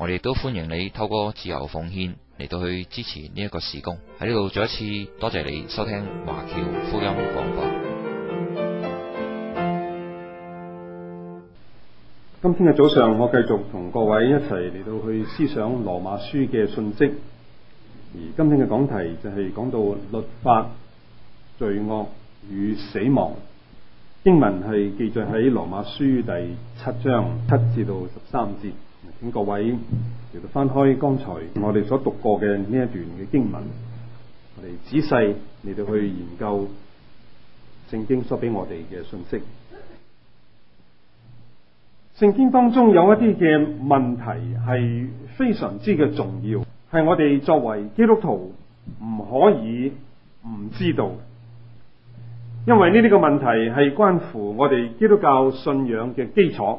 我哋都歡迎你透過自由奉獻嚟到去支持呢一個事工。喺呢度再一次多謝你收聽華僑福音廣播。法今天嘅早上，我繼續同各位一齊嚟到去思想羅馬書嘅信息。而今天嘅講題就係講到律法、罪惡與死亡。經文係記載喺羅馬書第七章七至到十三節。咁各位嚟到翻開剛才我哋所讀過嘅呢一段嘅經文，我哋仔細嚟到去研究聖經所俾我哋嘅信息。聖經當中有一啲嘅問題係非常之嘅重要，係我哋作為基督徒唔可以唔知道，因為呢啲嘅問題係關乎我哋基督教信仰嘅基礎。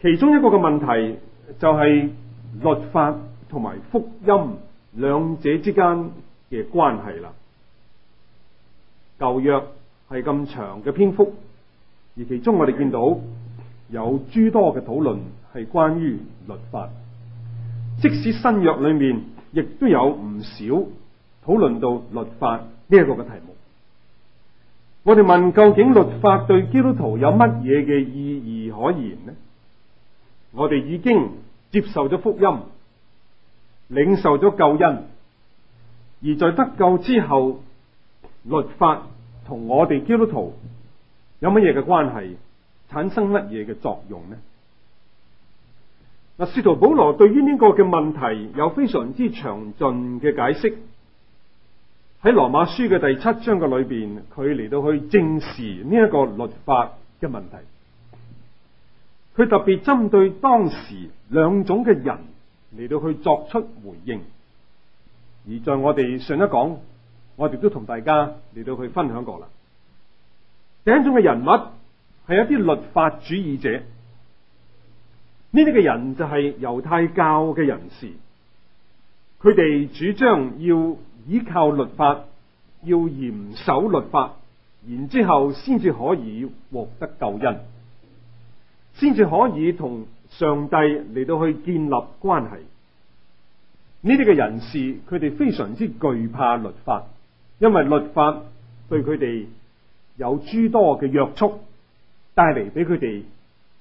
其中一個嘅問題就係律法同埋福音兩者之間嘅關係啦。舊約係咁長嘅篇幅，而其中我哋見到有諸多嘅討論係關於律法。即使新約裡面亦都有唔少討論到律法呢一個嘅題目。我哋問究竟律法對基督徒有乜嘢嘅意義可言呢？我哋已經接受咗福音，領受咗救恩，而在得救之後，律法同我哋基督徒有乜嘢嘅關係？產生乜嘢嘅作用呢？阿使徒保羅對於呢個嘅問題有非常之詳盡嘅解釋，喺羅馬書嘅第七章嘅裏邊，佢嚟到去正視呢一個律法嘅問題。佢特別針對當時兩種嘅人嚟到去作出回應，而在我哋上一講，我哋都同大家嚟到去分享過啦。第一種嘅人物係一啲律法主義者，呢啲嘅人就係猶太教嘅人士，佢哋主張要依靠律法，要嚴守律法，然之後先至可以獲得救恩。先至可以同上帝嚟到去建立關係。呢啲嘅人士，佢哋非常之懼怕律法，因為律法對佢哋有諸多嘅約束，帶嚟俾佢哋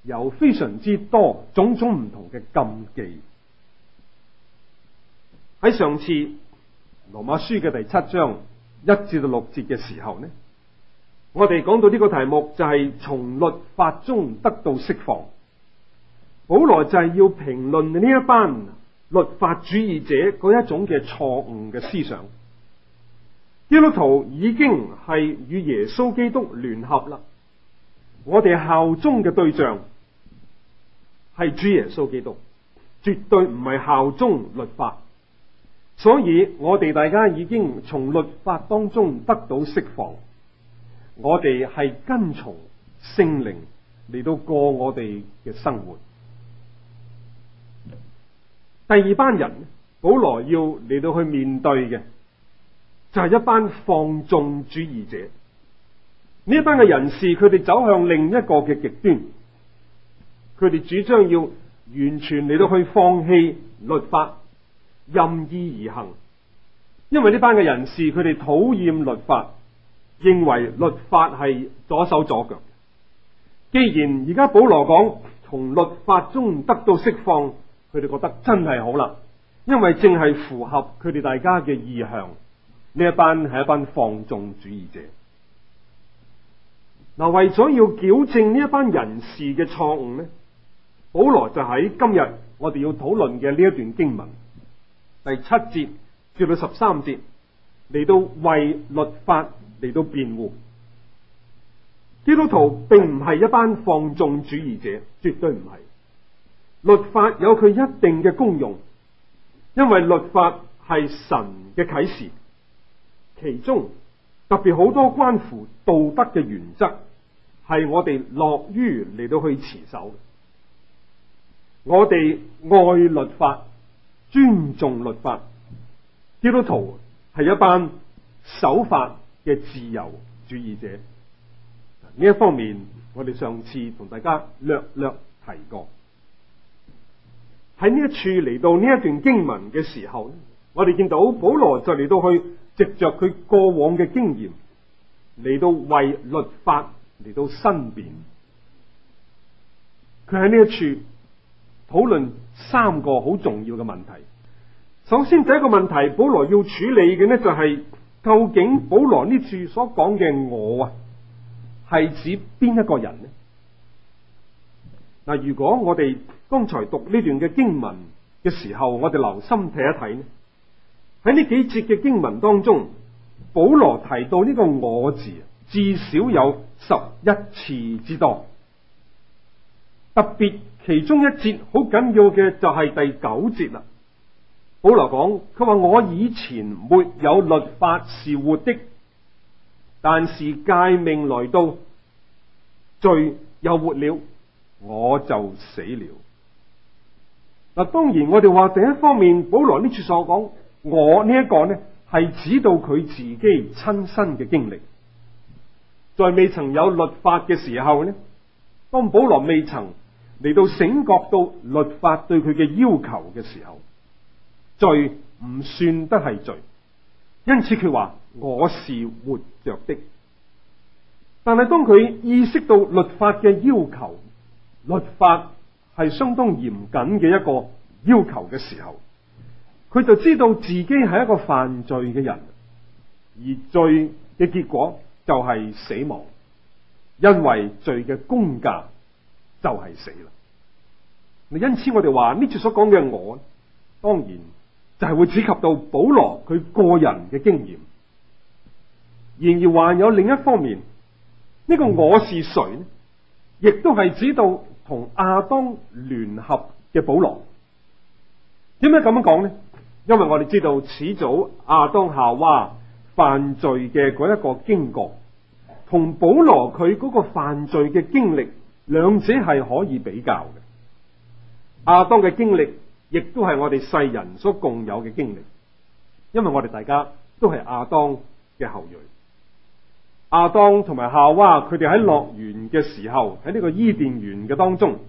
有非常之多種種唔同嘅禁忌。喺上次羅馬書嘅第七章一至到六節嘅時候呢，我哋講到呢個題目，就係、是、從律法中得到釋放。保羅就係要評論呢一班律法主義者嗰一種嘅錯誤嘅思想。基督徒已經係與耶穌基督聯合啦。我哋效忠嘅對象係主耶穌基督，絕對唔係效忠律法。所以我哋大家已經從律法當中得到釋放。我哋係跟從聖靈嚟到過我哋嘅生活。第二班人，保羅要嚟到去面對嘅，就係一班放縱主義者。呢一班嘅人士，佢哋走向另一個嘅極端，佢哋主張要完全嚟到去放棄律法，任意而行。因為呢班嘅人士，佢哋討厭律法。認為律法係左手左腳。既然而家保羅講從律法中得到釋放，佢哋覺得真係好啦，因為正係符合佢哋大家嘅意向。呢一班係一班放縱主義者。嗱，為咗要矯正呢一班人士嘅錯誤咧，保羅就喺今日我哋要討論嘅呢一段經文第七節至到十三節嚟到為律法嚟到辯護，基督徒並唔係一班放縱主義者，絕對唔係。律法有佢一定嘅功用，因為律法係神嘅啟示，其中特別好多關乎道德嘅原則，係我哋樂於嚟到去持守。我哋愛律法，尊重律法，基督徒係一班守法嘅自由主義者呢一方面，我哋上次同大家略略提過。喺呢一處嚟到呢一段經文嘅時候，我哋見到保羅就嚟到去藉着佢過往嘅經驗嚟到為律法嚟到申辯。佢喺呢一處討論三個好重要嘅問題。首先第一個問題，保羅要處理嘅呢、就是，就係。究竟保羅呢處所講嘅我啊，係指邊一個人呢？嗱，如果我哋剛才讀呢段嘅經文嘅時候，我哋留心睇一睇呢，喺呢幾節嘅經文當中，保羅提到呢個我字，至少有十一次之多。特別其中一節好緊要嘅就係第九節啦。保羅講，佢話，我以前沒有律法是活的，但是誡命來到，罪又活了，我就死了。嗱，當然我哋話第一方面，保羅呢處所講，我呢一個呢係指到佢自己親身嘅經歷，在未曾有律法嘅時候呢，當保羅未曾嚟到醒覺到律法對佢嘅要求嘅時候。罪唔算得係罪，因此佢話我是活着的。但係當佢意識到律法嘅要求，律法係相當嚴謹嘅一個要求嘅時候，佢就知道自己係一個犯罪嘅人，而罪嘅結果就係死亡，因為罪嘅工價就係死啦。因此我哋話呢次所講嘅我，當然。就係會指及到保羅佢個人嘅經驗，然而還有另一方面，呢個我是誰呢？亦都係指到同亞當聯合嘅保羅。點解咁樣講呢？因為我哋知道始祖亞當夏娃犯罪嘅嗰一個經過，同保羅佢嗰個犯罪嘅經歷，兩者係可以比較嘅。亞當嘅經歷。亦都係我哋世人所共有嘅經歷，因為我哋大家都係亞當嘅後裔，亞當同埋夏娃佢哋喺樂園嘅時候，喺呢個伊甸園嘅當中，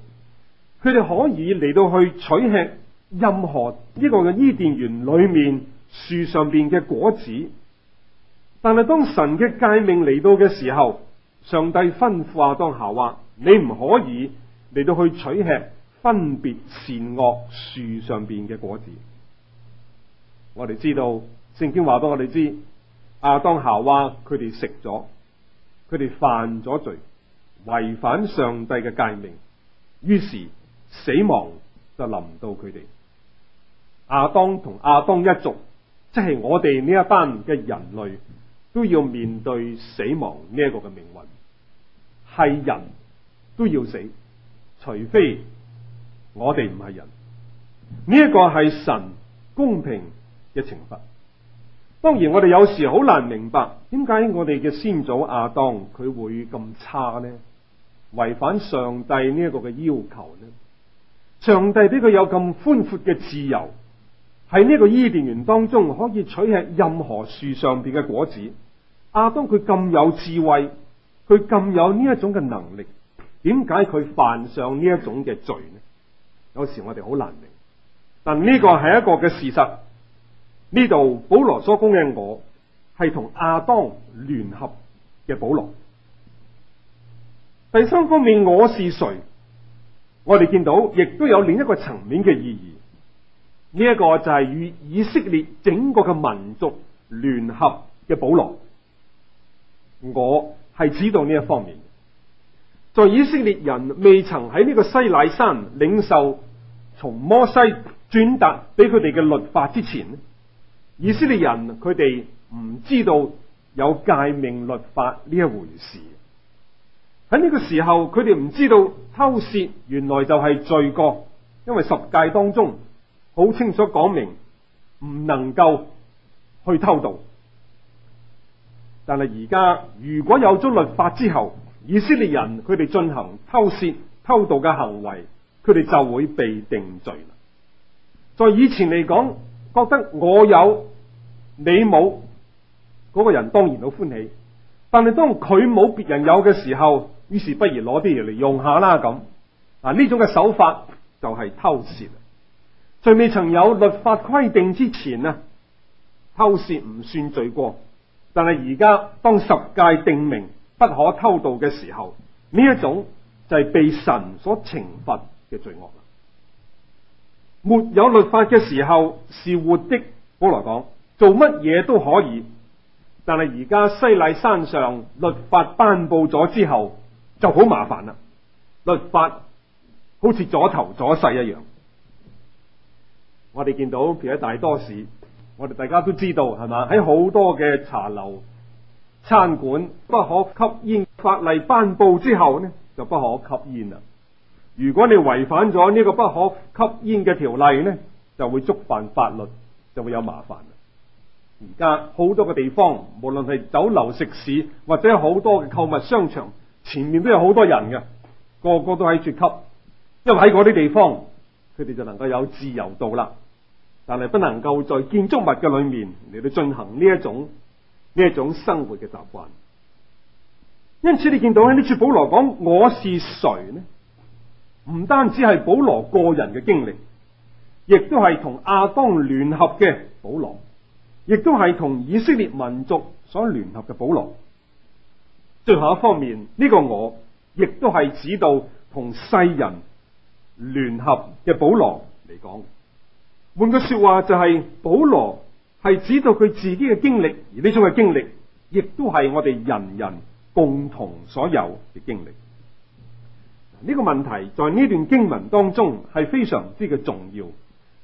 佢哋可以嚟到去取吃任何呢個嘅伊甸園裏面樹上邊嘅果子，但係當神嘅誡命嚟到嘅時候，上帝吩咐亞當夏娃，你唔可以嚟到去取吃。分別善惡樹上邊嘅果子，我哋知道聖經話俾我哋知，亞當夏娃佢哋食咗，佢哋犯咗罪，違反上帝嘅誡命，於是死亡就臨到佢哋。亞當同亞當一族，即係我哋呢一班嘅人類，都要面對死亡呢一個嘅命運，係人都要死，除非。我哋唔係人。呢一個係神公平嘅懲罰。當然我哋有時好難明白，點解我哋嘅先祖亞當佢會咁差呢？違反上帝呢一個嘅要求呢？上帝俾佢有咁寬闊嘅自由，喺呢個伊甸園當中可以取吃任何樹上邊嘅果子。亞當佢咁有智慧，佢咁有呢一種嘅能力，點解佢犯上呢一種嘅罪呢？有時我哋好難明，但呢個係一個嘅事實。呢度保羅所講嘅我係同亞當聯合嘅保羅。第三方面，我是誰？我哋見到亦都有另一個層面嘅意義。呢、這、一個就係與以色列整個嘅民族聯合嘅保羅。我係指導呢一方面。在以色列人未曾喺呢個西乃山領受從摩西轉達俾佢哋嘅律法之前，以色列人佢哋唔知道有誡命律法呢一回事。喺呢個時候，佢哋唔知道偷竊原來就係罪過，因為十誡當中好清楚講明唔能夠去偷盜。但係而家如果有咗律法之後，以色列人佢哋進行偷竊、偷盜嘅行為，佢哋就會被定罪。在以前嚟講，覺得我有你冇，嗰個人當然好歡喜。但係當佢冇別人有嘅時候，於是不如攞啲嘢嚟用下啦咁。啊，呢種嘅手法就係偷竊。在未曾有律法規定之前啊，偷竊唔算罪過。但係而家當十誡定明，不可偷盜嘅時候，呢一種就係被神所懲罰嘅罪惡啦。沒有律法嘅時候是活的，好來講做乜嘢都可以。但係而家西奈山上律法頒布咗之後，就好麻煩啦。律法好似阻頭阻勢一樣。我哋見到，譬如喺大多市，我哋大家都知道係嘛？喺好吧多嘅茶樓。餐館不可吸煙法例頒布之後呢，就不可吸煙啦。如果你違反咗呢個不可吸煙嘅條例呢，就會觸犯法律，就會有麻煩。而家好多嘅地方，無論係酒樓食肆，或者好多嘅購物商場，前面都有好多人嘅，個個都喺處吸，因為喺嗰啲地方，佢哋就能夠有自由度啦。但係不能夠在建築物嘅裏面嚟到進行呢一種。呢一種生活嘅習慣，因此你見到喺呢處保羅講，我是誰呢？唔單止係保羅個人嘅經歷，亦都係同亞當聯合嘅保羅，亦都係同以色列民族所聯合嘅保羅。最後一方面，呢、這個我亦都係指到同世人聯合嘅保羅嚟講。換句說話就係、是、保羅。係指到佢自己嘅經歷，而呢種嘅經歷亦都係我哋人人共同所有嘅經歷。呢個問題在呢段經文當中係非常之嘅重要，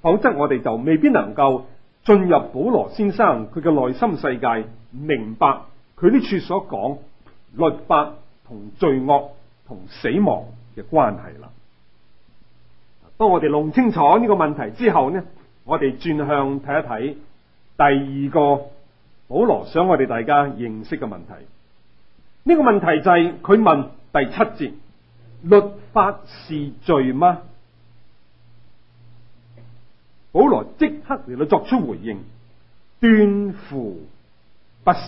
否則我哋就未必能夠進入保羅先生佢嘅內心世界，明白佢呢處所講律法同罪惡同死亡嘅關係啦。當我哋弄清楚呢個問題之後呢，我哋轉向睇一睇。第二個保羅想我哋大家認識嘅問題，呢個問題就係佢問第七節，律法是罪嗎？保羅即刻嚟到作出回應，斷乎不是。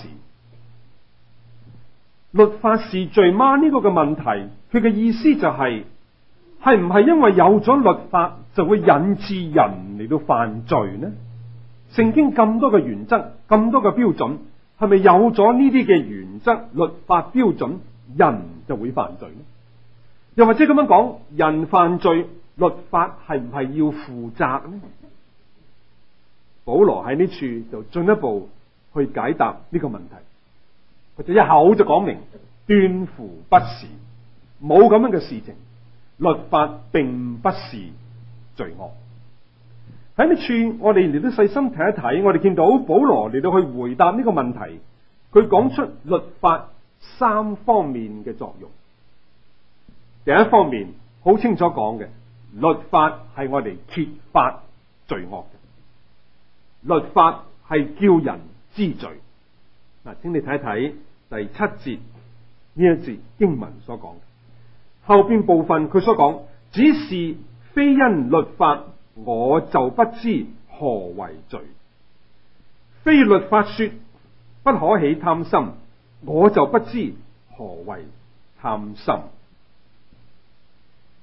律法是罪嗎？呢個嘅問題，佢嘅意思就係，係唔係因為有咗律法就會引致人嚟到犯罪呢？聖經咁多嘅原則，咁多嘅標準，係咪有咗呢啲嘅原則、律法標準，人就會犯罪？又或者咁樣講，人犯罪，律法係唔係要負責呢？保羅喺呢處就進一步去解答呢個問題，佢就一口就講明：斷乎不是，冇咁樣嘅事情，律法並不是罪惡。喺呢處，我哋嚟都細心睇一睇，我哋見到保羅嚟到去回答呢個問題，佢講出律法三方面嘅作用。第一方面好清楚講嘅，律法係我哋揭發罪惡，律法係叫人之罪。嗱，請你睇一睇第七節呢一節經文所講，後邊部分佢所講只是非因律法。我就不知何為罪，非律法說不可起貪心，我就不知何為貪心。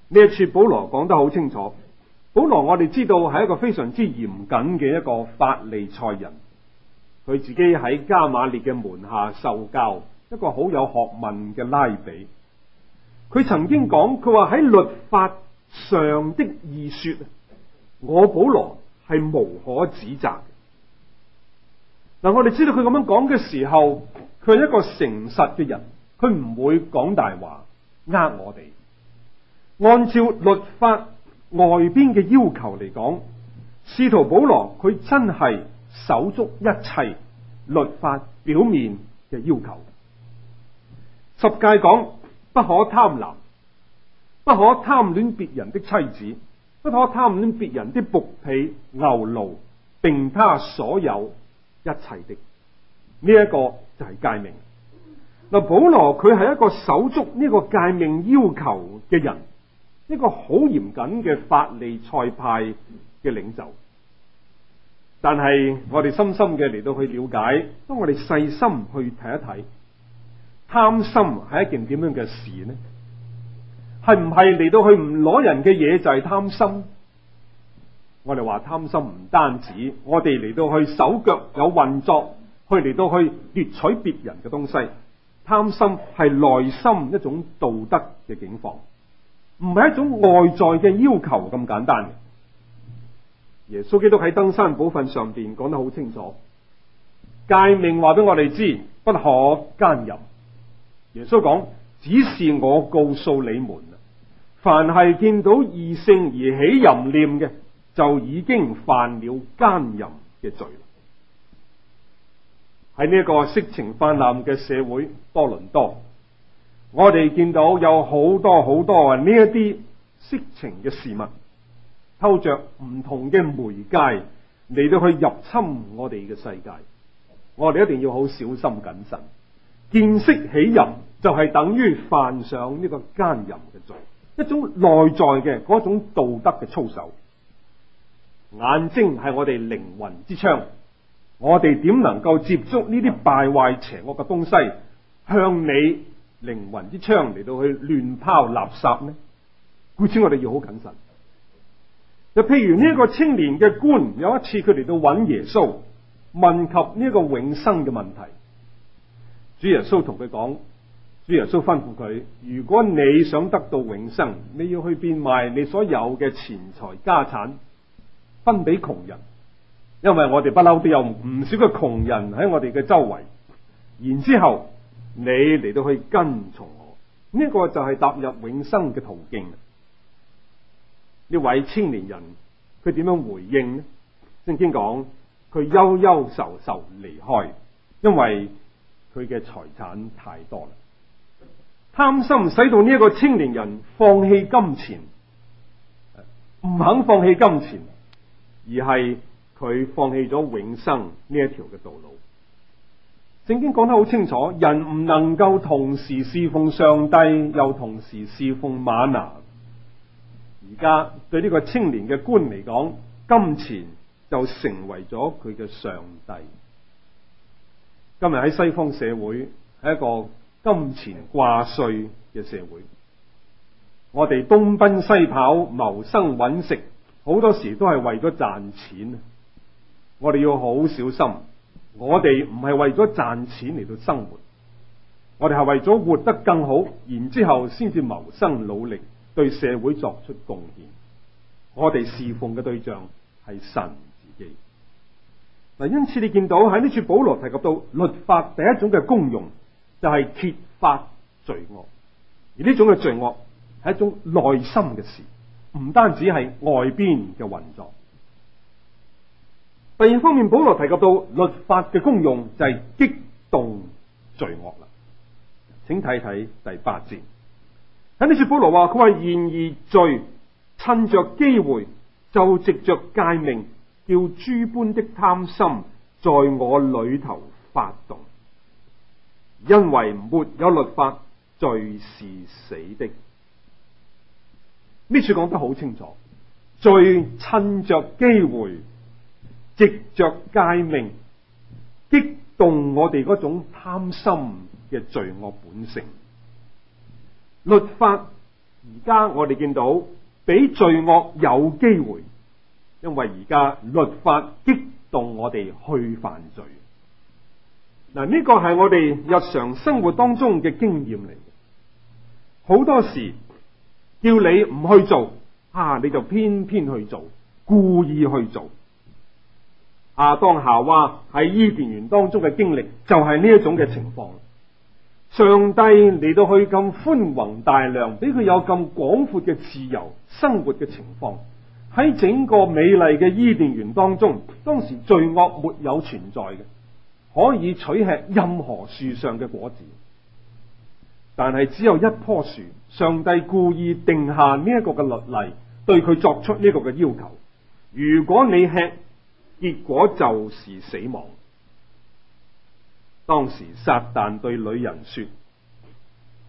呢一處保羅講得好清楚。保羅，我哋知道係一個非常之嚴謹嘅一個法利賽人，佢自己喺加馬列嘅門下受教，一個好有學問嘅拉比。佢曾經講，佢話喺律法上的義說。我保羅係無可指責。嗱，我哋知道佢咁樣講嘅時候，佢係一個誠實嘅人，佢唔會講大話呃我哋。按照律法外邊嘅要求嚟講，使徒保羅佢真係守足一切律法表面嘅要求。十誡講不可貪婪，不可貪戀別人的妻子。不可貪戀別人啲僕婢牛奴，並他所有一切的呢一個，這個就係誡命。嗱，保羅佢係一個守足呢個誡命要求嘅人，一個好嚴謹嘅法利賽派嘅領袖。但係我哋深深嘅嚟到去了解，當我哋細心去睇一睇，貪心係一件點樣嘅事呢？係唔係嚟到去唔攞人嘅嘢就係貪心？我哋話貪心唔單止，我哋嚟到去手腳有運作，去嚟到去掠取別人嘅東西，貪心係內心一種道德嘅境況，唔係一種外在嘅要求咁簡單。耶穌基督喺登山寶訓上邊講得好清楚，誡命話俾我哋知不可姦淫。耶穌講，只是我告訴你們。凡係見到異性而起淫念嘅，就已經犯了奸淫嘅罪。喺呢一個色情泛濫嘅社會，多倫多，我哋見到有好多好多啊呢一啲色情嘅事物，透過唔同嘅媒介嚟到去入侵我哋嘅世界。我哋一定要好小心謹慎，見色起淫就係、是、等於犯上呢個奸淫嘅罪。一種內在嘅嗰一種道德嘅操守，眼睛係我哋靈魂之窗，我哋點能夠接觸呢啲敗壞邪惡嘅東西，向你靈魂之窗嚟到去亂拋垃圾呢？故此我哋要好謹慎。就譬如呢一個青年嘅官，有一次佢嚟到揾耶穌，問及呢一個永生嘅問題，主耶穌同佢講。主耶穌吩咐佢：如果你想得到永生，你要去變賣你所有嘅錢財家產，分俾窮人，因為我哋不嬲都有唔少嘅窮人喺我哋嘅周圍。然之後你嚟到去跟從我，呢、這個就係踏入永生嘅途徑。呢位青年人，佢點樣回應呢？聖經講，佢憂憂愁愁離開，因為佢嘅財產太多啦。貪心使到呢一個青年人放棄金錢，唔肯放棄金錢，而係佢放棄咗永生呢一條嘅道路。聖經講得好清楚，人唔能夠同時侍奉上帝又同時侍奉馬拿。而家對呢個青年嘅官嚟講，金錢就成為咗佢嘅上帝。今日喺西方社會，係一個。金錢掛帥嘅社會，我哋東奔西跑謀生揾食，好多時都係為咗賺錢。我哋要好小心，我哋唔係為咗賺錢嚟到生活，我哋係為咗活得更好，然之後先至謀生努力，對社會作出貢獻。我哋侍奉嘅對象係神自己。嗱，因此你見到喺呢處保羅提及到律法第一種嘅功用。就係揭發罪惡，而呢種嘅罪惡係一種內心嘅事，唔單止係外邊嘅運作。第二方面，保羅提及到律法嘅功用就係激動罪惡啦。請睇睇第八節，喺呢次保羅話佢話：然而罪趁着機會，就藉着誡命，叫諸般的貪心在我裏頭發動。因為沒有律法，罪是死的。呢處講得好清楚，罪趁着機會，藉著誡命，激動我哋嗰種貪心嘅罪惡本性。律法而家我哋見到，俾罪惡有機會，因為而家律法激動我哋去犯罪。嗱，呢個係我哋日常生活當中嘅經驗嚟，好多時叫你唔去做，啊你就偏偏去做，故意去做。啊，亞當夏娃喺伊甸園當中嘅經歷就係呢一種嘅情況。上帝嚟到去咁寬宏大量，俾佢有咁廣闊嘅自由生活嘅情況，喺整個美麗嘅伊甸園當中，當時罪惡沒有存在嘅。.可以取吃任何樹上嘅果子，但係只有一棵樹，上帝故意定下呢一個嘅律例，對佢作出呢個嘅要求。如果你吃，結果就是死亡。當時撒旦對女人說：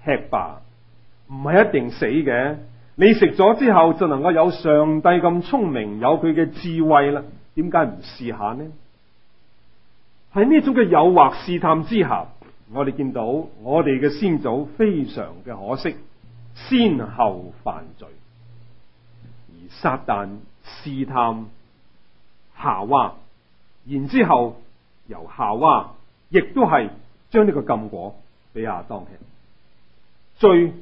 吃吧，唔係一定死嘅。你食咗之後就能夠有上帝咁聰明，有佢嘅智慧啦。點解唔試下呢？喺呢種嘅誘惑試探之下，我哋見到我哋嘅先祖非常嘅可惜，先後犯罪，而撒旦試探夏娃，然之後由夏娃亦都係將呢個禁果俾亞當食，罪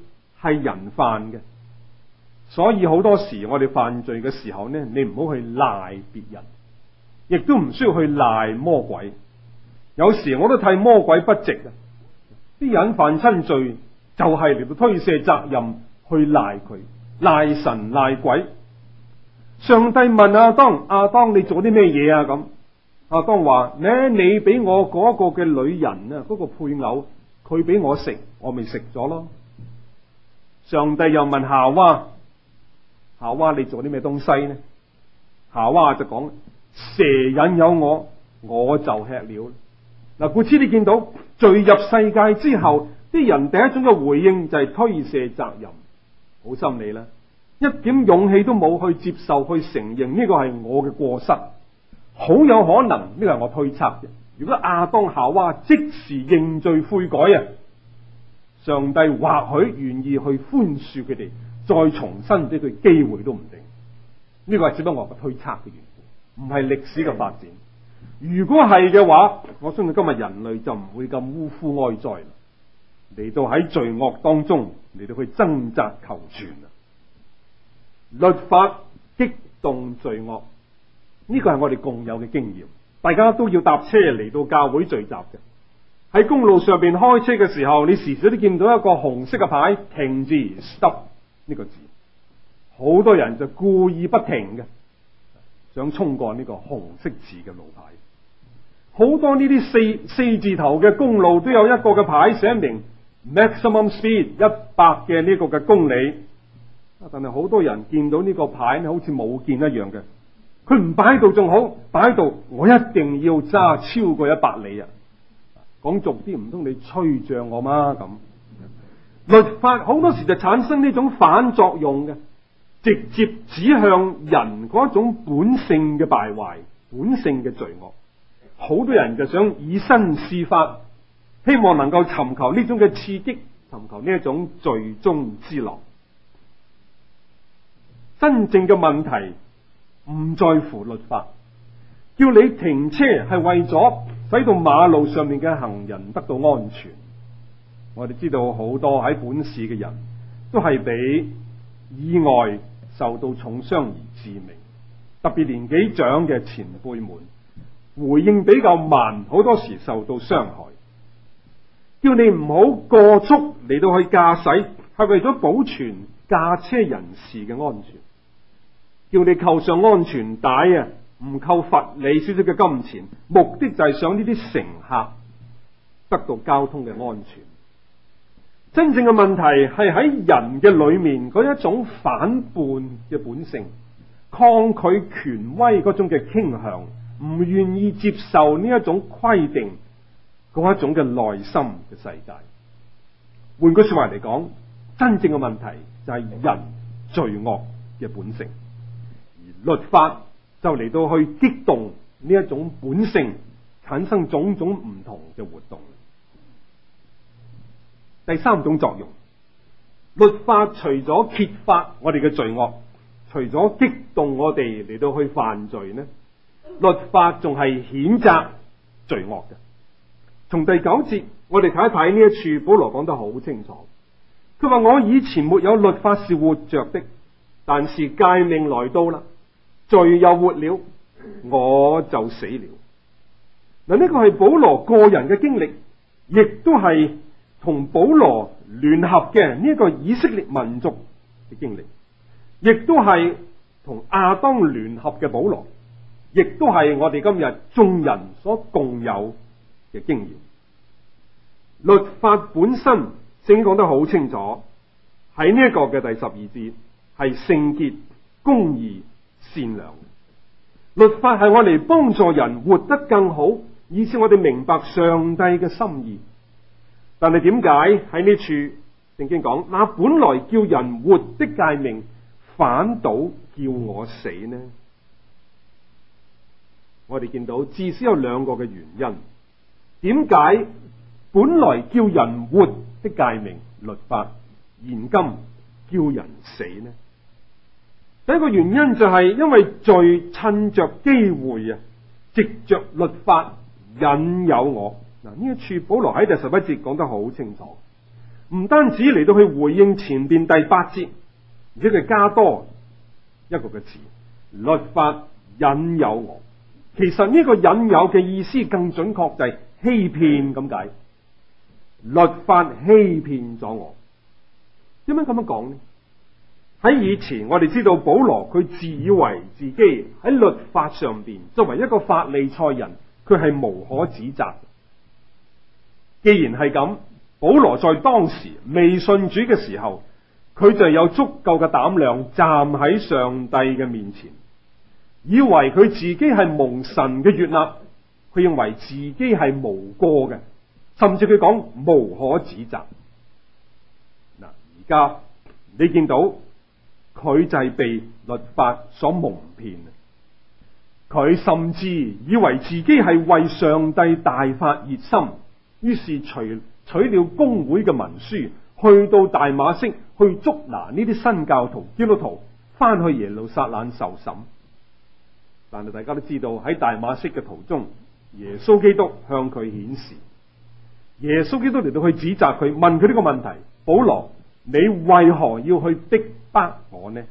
係人犯嘅，所以好多時我哋犯罪嘅時候呢，你唔好去賴別人，亦都唔需要去賴魔鬼。有時我都替魔鬼不值啊！啲人犯親罪就係嚟到推卸責任，去賴佢賴神賴鬼。上帝問阿當，阿當，你做啲咩嘢啊？咁阿當話：咧你俾我嗰個嘅女人啊，嗰個配偶，佢俾我食，我咪食咗咯。上帝又問夏娃：夏娃，你做啲咩東西呢？夏娃就講：蛇引誘我，我就吃了。嗱，故此你見到墜入世界之後，啲人第一種嘅回應就係推卸責任，好心理啦，一點勇氣都冇去接受、去承認呢個係我嘅過失。好有可能呢個係我推測嘅。如果亞當夏娃即時認罪悔改啊，上帝或許願意去寬恕佢哋，再重新俾佢機會都唔定。呢個係只不過我推測嘅，唔係歷史嘅發展。如果係嘅話，我相信今日人類就唔會咁嗚呼哀哉，嚟到喺罪惡當中嚟到去掙扎求全，啊！律法激動罪惡，呢個係我哋共有嘅經驗。大家都要搭車嚟到教會聚集嘅。喺公路上邊開車嘅時候，你時時都見到一個紅色嘅牌，停字「stop」呢個字。好多人就故意不停嘅，想衝過呢個紅色字嘅路牌。好多呢啲四四字頭嘅公路都有一個嘅牌，寫明 maximum speed 一百嘅呢個嘅公里。啊，但係好多人見到呢個牌好似冇見一樣嘅。佢唔擺喺度仲好，擺喺度我一定要揸超過一百里啊！講俗啲，唔通你吹脹我嗎？咁律法好多時就產生呢種反作用嘅，直接指向人一種本性嘅敗壞、本性嘅罪惡。好多人就想以身試法，希望能夠尋求呢種嘅刺激，尋求呢一種罪中之樂。真正嘅問題唔在乎律法，叫你停車係為咗使到馬路上面嘅行人得到安全。我哋知道好多喺本市嘅人都係俾意外受到重傷而致命，特別年紀長嘅前輩們。回應比較慢，好多時受到傷害，叫你唔好過速嚟到去駕駛，係為咗保存駕車人士嘅安全，叫你扣上安全帶啊，唔扣罰你少少嘅金錢，目的就係想呢啲乘客得到交通嘅安全。真正嘅問題係喺人嘅裏面嗰一種反叛嘅本性，抗拒權威嗰種嘅傾向。唔願意接受呢一種規定，嗰一種嘅內心嘅世界。換句說話嚟講，真正嘅問題就係人罪惡嘅本性，而律法就嚟到去激動呢一種本性，產生種種唔同嘅活動。第三種作用，律法除咗揭發我哋嘅罪惡，除咗激動我哋嚟到去犯罪呢？律法仲係譴責罪惡嘅。從第九節，我哋睇一睇呢一處，保羅講得好清楚。佢話：我以前沒有律法是活着的，但是誡命來到啦，罪又活了，我就死了。嗱，呢個係保羅個人嘅經歷，亦都係同保羅聯合嘅呢個以色列民族嘅經歷，亦都係同亞當聯合嘅保羅。亦都係我哋今日眾人所共有嘅經驗。律法本身聖經講得好清楚，喺呢一個嘅第十二節係聖潔、公義、善良。律法係我哋幫助人活得更好，以致我哋明白上帝嘅心意。但係點解喺呢處聖經講，那本來叫人活的誡命，反倒叫我死呢？我哋見到至少有兩個嘅原因，點解本來叫人活的誡命律法，現今叫人死呢？第一個原因就係因為罪趁着機會啊，藉著律法引誘我嗱。呢一處保羅喺第十一節講得好清楚，唔單止嚟到去回應前邊第八節，而且佢加多一個嘅字：律法引誘我。其實呢個引誘嘅意思更準確就係欺騙咁解，律法欺騙咗我。點解咁樣講呢？喺以前我哋知道保羅佢自以為自己喺律法上面作為一個法利賽人，佢係無可指責。既然係咁，保羅在當時未信主嘅時候，佢就有足夠嘅膽量站喺上帝嘅面前。以為佢自己係蒙神嘅悅納，佢認為自己係無過嘅，甚至佢講無可指責。嗱，而家你見到佢就係被律法所蒙騙，佢甚至以為自己係為上帝大發熱心，於是除取，取了公會嘅文書，去到大馬色去捉拿呢啲新教徒基督徒，翻去耶路撒冷受審。但係大家都知道喺大馬色嘅途中，耶穌基督向佢顯示，耶穌基督嚟到去指責佢，問佢呢個問題：保羅，你為何要去逼迫我呢？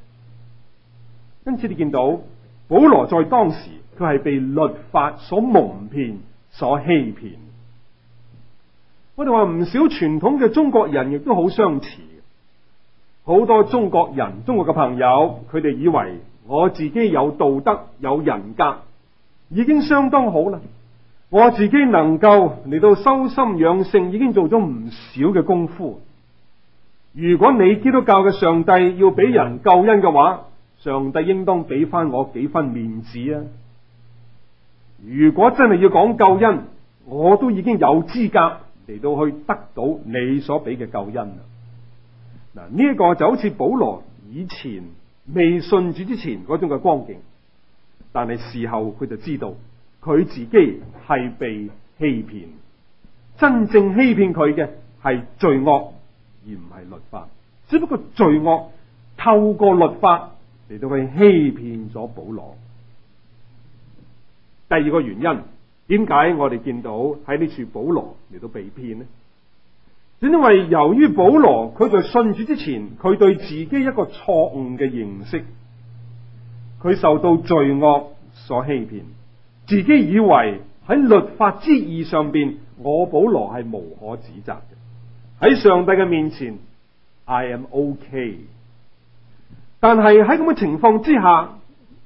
因此你見到保羅在當時，佢係被律法所蒙騙、所欺騙。我哋話唔少傳統嘅中國人亦都好相似，好多中國人、中國嘅朋友，佢哋以為。我自己有道德有人格，已經相當好啦。我自己能夠嚟到修心養性，已經做咗唔少嘅功夫。如果你基督教嘅上帝要俾人救恩嘅話，上帝應當俾翻我幾分面子啊！如果真係要講救恩，我都已經有資格嚟到去得到你所俾嘅救恩啦。嗱，呢個就好似保羅以前。未信主之前嗰種嘅光景，但係事後佢就知道佢自己係被欺騙，真正欺騙佢嘅係罪惡，而唔係律法。只不過罪惡透過律法嚟到去欺騙咗保羅。第二個原因，點解我哋見到喺呢處保羅嚟到被騙呢？因為由於保羅佢在信主之前，佢對自己一個錯誤嘅認識，佢受到罪惡所欺騙，自己以為喺律法之意上邊，我保羅係無可指責嘅，喺上帝嘅面前，I am OK。但係喺咁嘅情況之下，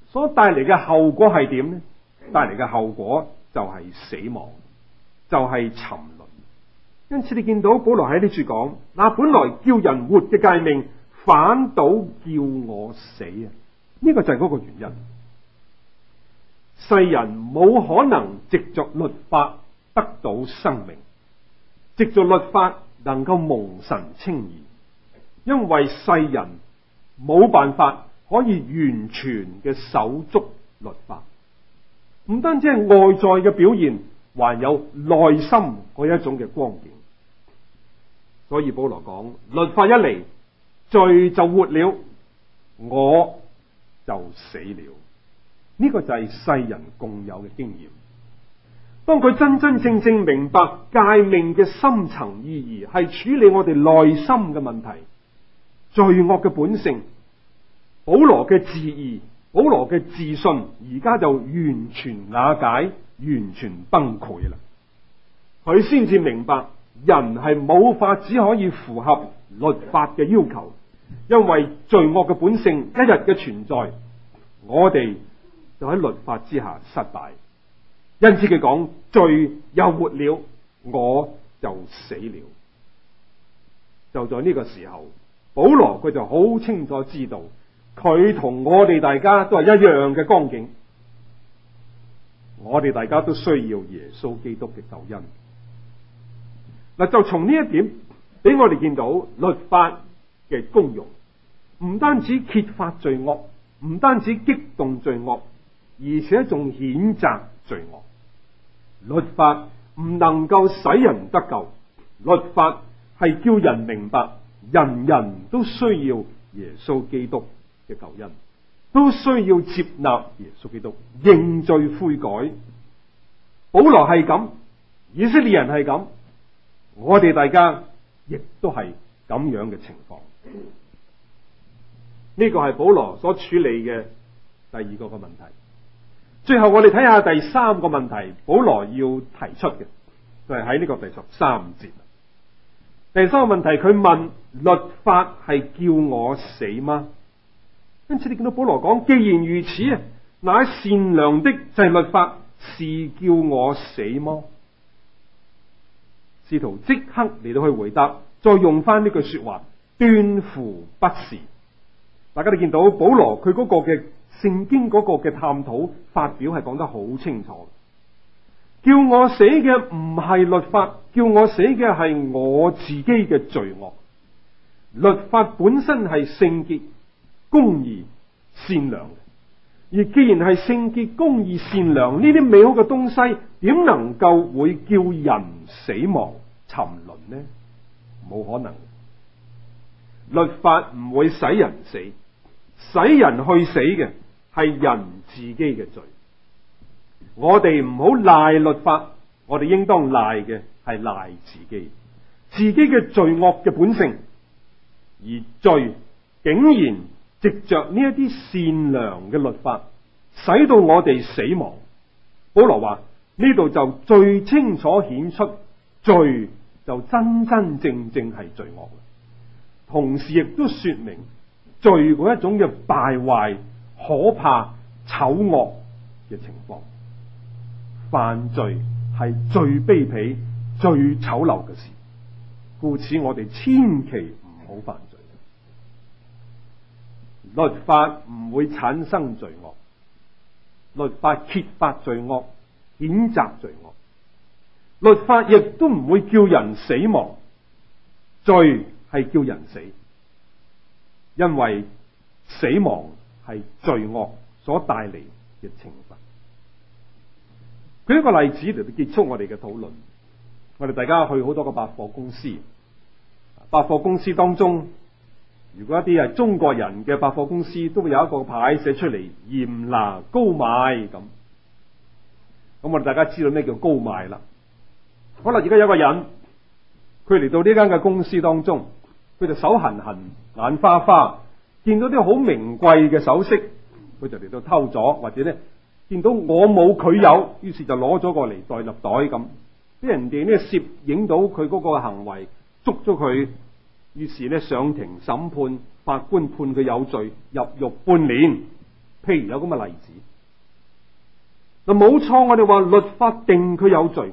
所帶嚟嘅後果係點呢？帶嚟嘅後果就係死亡，就係、是、沉。因此你見到保羅喺呢處講，嗱本來叫人活嘅誡命，反倒叫我死啊！呢、這個就係個原因。世人冇可能藉着律法得到生命，藉着律法能夠蒙神稱義，因為世人冇辦法可以完全嘅守足律法，唔單止係外在嘅表現，還有內心嗰一種嘅光景。所以保羅講，律法一嚟罪就活了，我就死了。呢、這個就係世人共有嘅經驗。當佢真真正正明白誡命嘅深層意義，係處理我哋內心嘅問題、罪惡嘅本性、保羅嘅自義、保羅嘅自信，而家就完全瓦解、完全崩潰啦。佢先至明白。人係冇法，只可以符合律法嘅要求，因為罪惡嘅本性一日嘅存在，我哋就喺律法之下失敗。因此佢講罪又活了，我就死了。就在呢個時候，保羅佢就好清楚知道，佢同我哋大家都係一樣嘅光景，我哋大家都需要耶穌基督嘅救恩。嗱，就從呢一點俾我哋見到律法嘅功用，唔單止揭發罪惡，唔單止激動罪惡，而且仲譴責罪惡。律法唔能夠使人得救，律法係叫人明白，人人都需要耶穌基督嘅救恩，都需要接納耶穌基督，認罪悔改。保羅係咁，以色列人係咁。我哋大家亦都係咁樣嘅情況，呢個係保羅所處理嘅第二個嘅問題。最後我哋睇下第三個問題，保羅要提出嘅就係喺呢個第十三節。第三個問題，佢問律法係叫我死嗎？因此你見到保羅講，既然如此啊，那善良的就係律法是叫我死麼？試圖即刻嚟到去回答，再用翻呢句説話，斷乎不是。大家都見到保羅佢嗰個嘅聖經嗰個嘅探討發表係講得好清楚。叫我寫嘅唔係律法，叫我寫嘅係我自己嘅罪惡。律法本身係聖潔、公義、善良。而既然係聖潔、公義、善良呢啲美好嘅東西，點能夠會叫人死亡沉淪呢？冇可能。律法唔會使人死，使人去死嘅係人自己嘅罪。我哋唔好賴律法，我哋應當賴嘅係賴自己，自己嘅罪惡嘅本性，而罪竟然。藉着呢一啲善良嘅律法，使到我哋死亡。保羅話：呢度就最清楚顯出罪就真真正正係罪惡，同時亦都說明罪嗰一種嘅敗壞、可怕、醜惡嘅情況。犯罪係最卑鄙、最醜陋嘅事，故此我哋千祈唔好犯。律法唔會產生罪惡，律法揭發罪惡、譴責罪惡，律法亦都唔會叫人死亡。罪係叫人死，因為死亡係罪惡所帶嚟嘅懲罰。舉一個例子嚟到結束我哋嘅討論，我哋大家去好多個百貨公司，百貨公司當中。如果一啲係中國人嘅百貨公司都會有一個牌寫出嚟，嚴拿高買咁，咁我哋大家知道咩叫高買啦？可能而家有個人，佢嚟到呢間嘅公司當中，佢就手痕痕眼花花，見到啲好名貴嘅首飾，佢就嚟到偷咗，或者呢，見到我冇佢有、有，於是就攞咗過嚟袋入袋咁，俾人哋呢攝影到佢嗰個行為，捉咗佢。於是咧，上庭審判，法官判佢有罪，入獄半年。譬如有咁嘅例子，嗱冇錯，我哋話律法定佢有罪，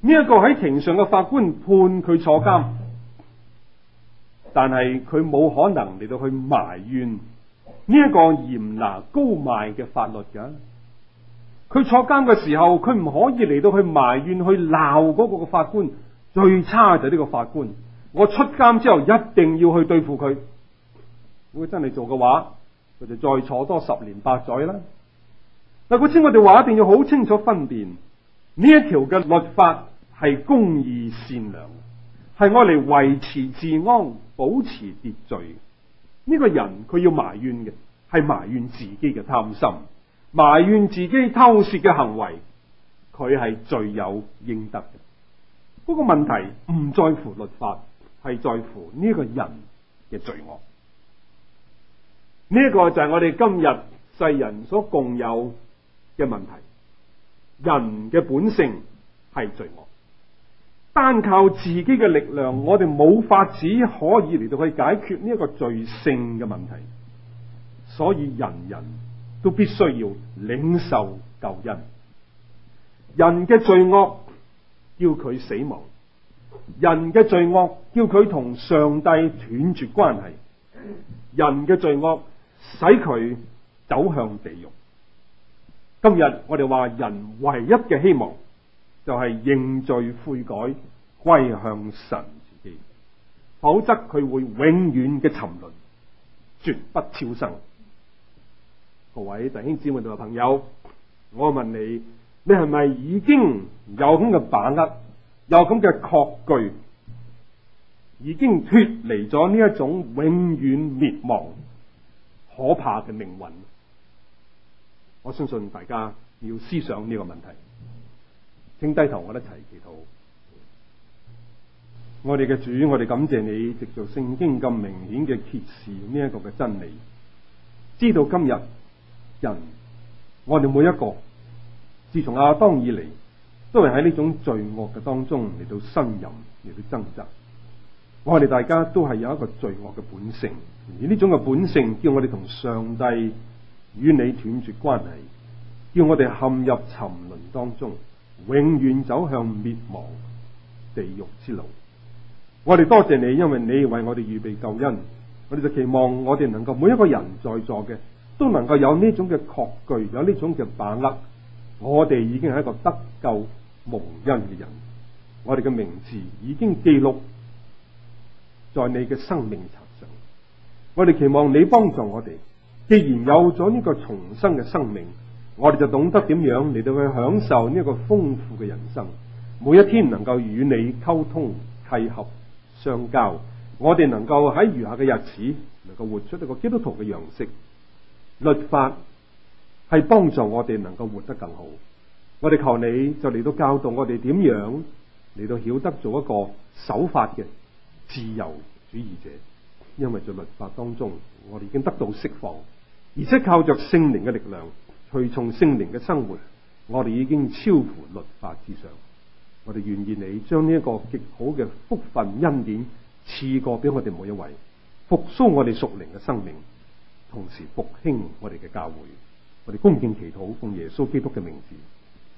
呢、這、一個喺庭上嘅法官判佢坐監，但係佢冇可能嚟到去埋怨呢一個嚴拿高賣嘅法律噶。佢坐監嘅時候，佢唔可以嚟到去埋怨、去鬧嗰個法官。最差就係呢個法官。我出監之後一定要去對付佢，如果真係做嘅話，佢就再坐多十年八載啦。嗱，係嗰次我哋話一定要好清楚分辨呢一條嘅律法係公義善良，係愛嚟維持治安、保持秩序。呢、呢個人佢要埋怨嘅係埋怨自己嘅貪心，埋怨自己偷竊嘅行為，佢係罪有應得嘅。不過問題唔在乎律法。係在乎呢一個人嘅罪惡，呢一個就係我哋今日世人所共有嘅問題。人嘅本性係罪惡，單靠自己嘅力量，我哋冇法子可以嚟到去解決呢一個罪性嘅問題。所以人人都必須要領受救恩，人嘅罪惡要佢死亡。人嘅罪惡叫佢同上帝斷絕關係，人嘅罪惡使佢走向地獄。今日我哋話人唯一嘅希望就係認罪悔改，歸向神自己，否則佢會永遠嘅沉淪，絕不超生。各位弟兄姊妹同埋朋友，我問你，你係咪已經有咁嘅把握？有咁嘅確據，已經脫離咗呢一種永遠滅亡可怕嘅命運。我相信大家要思想呢個問題，請低頭我齊，我一齊祈禱。我哋嘅主，我哋感謝你，藉著聖經咁明顯嘅揭示呢一個嘅真理，知道今日人，我哋每一個，自從亞當以嚟。都係喺呢種罪惡嘅當中嚟到呻吟，嚟到掙扎，我哋大家都係有一個罪惡嘅本性，而呢種嘅本性叫我哋同上帝與你斷絕關係，叫我哋陷入沉淪當中，永遠走向滅亡地獄之路。我哋多謝你，因為你為我哋預備救恩，我哋就期望我哋能夠每一個人在座嘅都能夠有呢種嘅確據，有呢種嘅把握。我哋已經係一個得救蒙恩嘅人，我哋嘅名字已經記錄在你嘅生命冊上。我哋期望你幫助我哋。既然有咗呢個重生嘅生命，我哋就懂得點樣嚟到去享受呢個豐富嘅人生。每一天能夠與你溝通、契合、相交，我哋能夠喺餘下嘅日子能夠活出一個基督徒嘅樣式。律法係幫助我哋能夠活得更好。我哋求你，就嚟到教導我哋點樣嚟到曉得做一個守法嘅自由主義者。因為在律法當中，我哋已經得到釋放，而且靠着聖靈嘅力量隨從聖靈嘅生活，我哋已經超乎律法之上。我哋願意你將呢一個極好嘅福分恩典賜過俾我哋每一位，復甦我哋屬靈嘅生命，同時復興我哋嘅教會。我哋恭敬祈禱，奉耶穌基督嘅名字。